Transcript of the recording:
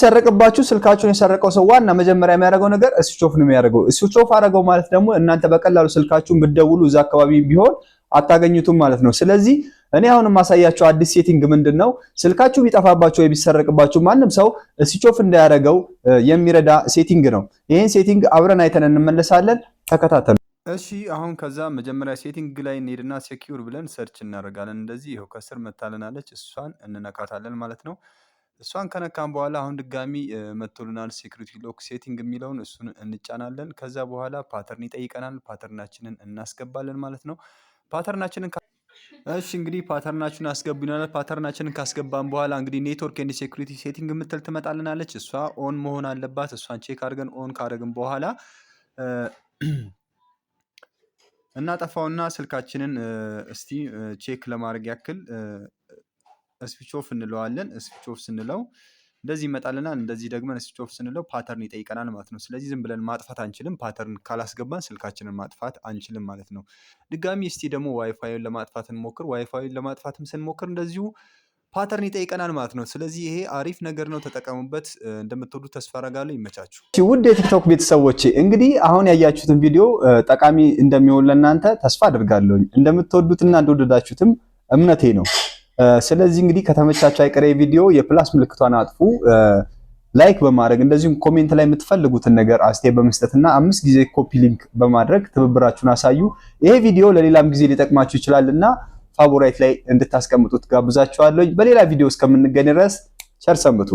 ሰረቅባችሁ ስልካችሁን የሰረቀው ሰው ዋና መጀመሪያ የሚያደርገው ነገር ስዊች ኦፍ ነው የሚያደርገው። ስዊች ኦፍ አደረገው ማለት ደግሞ እናንተ በቀላሉ ስልካችሁን ብትደውሉ እዛ አካባቢ ቢሆን አታገኙትም ማለት ነው። ስለዚህ እኔ አሁን የማሳያቸው አዲስ ሴቲንግ ምንድን ነው፣ ስልካችሁ ቢጠፋባችሁ ወይ ቢሰረቅባችሁ ማንም ሰው ስዊች ኦፍ የሚረዳ ሴቲንግ ነው። ይህን ሴቲንግ አብረን አይተን እንመለሳለን። ተከታተሉ። እሺ አሁን ከዛ መጀመሪያ ሴቲንግ ላይ እንሄድና ሴኪዩር ብለን ሰርች እናደርጋለን። እንደዚህ ይኸው ከስር መታለናለች፣ እሷን እንነካታለን ማለት ነው። እሷን ከነካን በኋላ አሁን ድጋሚ መቶልናል ሴኩሪቲ ሎክ ሴቲንግ የሚለውን እሱን እንጫናለን። ከዛ በኋላ ፓተርን ይጠይቀናል። ፓተርናችንን እናስገባለን ማለት ነው። ፓተርናችንን እሺ እንግዲህ ፓተርናችንን አስገቡናል። ፓተርናችንን ካስገባን በኋላ እንግዲህ ኔትወርክ ኤንድ ሴኩሪቲ ሴቲንግ የምትል ትመጣልናለች። እሷ ኦን መሆን አለባት። እሷን ቼክ አድርገን ኦን ካደረግን በኋላ እናጠፋውና ስልካችንን እስቲ ቼክ ለማድረግ ያክል ስዊች ኦፍ እንለዋለን። ስዊች ኦፍ ስንለው እንደዚህ ይመጣልናል። እንደዚህ ደግመን ስዊች ኦፍ ስንለው ፓተርን ይጠይቀናል ማለት ነው። ስለዚህ ዝም ብለን ማጥፋት አንችልም። ፓተርን ካላስገባን ስልካችንን ማጥፋት አንችልም ማለት ነው። ድጋሚ እስቲ ደግሞ ዋይፋይን ለማጥፋት እንሞክር። ዋይፋይን ለማጥፋትም ስንሞክር እንደዚሁ ፓተርን ይጠይቀናል ማለት ነው። ስለዚህ ይሄ አሪፍ ነገር ነው፣ ተጠቀሙበት። እንደምትወዱ ተስፋ አደርጋለሁ። ይመቻችሁ። ውድ የቲክቶክ ቤተሰቦች እንግዲህ አሁን ያያችሁትን ቪዲዮ ጠቃሚ እንደሚሆን ለእናንተ ተስፋ አድርጋለሁኝ። እንደምትወዱትና እንደወደዳችሁትም እምነቴ ነው። ስለዚህ እንግዲህ ከተመቻቸው አይቀሬ ቪዲዮ የፕላስ ምልክቷን አጥፉ፣ ላይክ በማድረግ እንደዚሁም ኮሜንት ላይ የምትፈልጉትን ነገር አስቴ በመስጠትና አምስት ጊዜ ኮፒ ሊንክ በማድረግ ትብብራችሁን አሳዩ። ይሄ ቪዲዮ ለሌላም ጊዜ ሊጠቅማችሁ ይችላልና ፋቮራይት ላይ እንድታስቀምጡት ጋብዛችኋለሁ። በሌላ ቪዲዮ እስከምንገኝ ድረስ ቸር ሰንብቱ።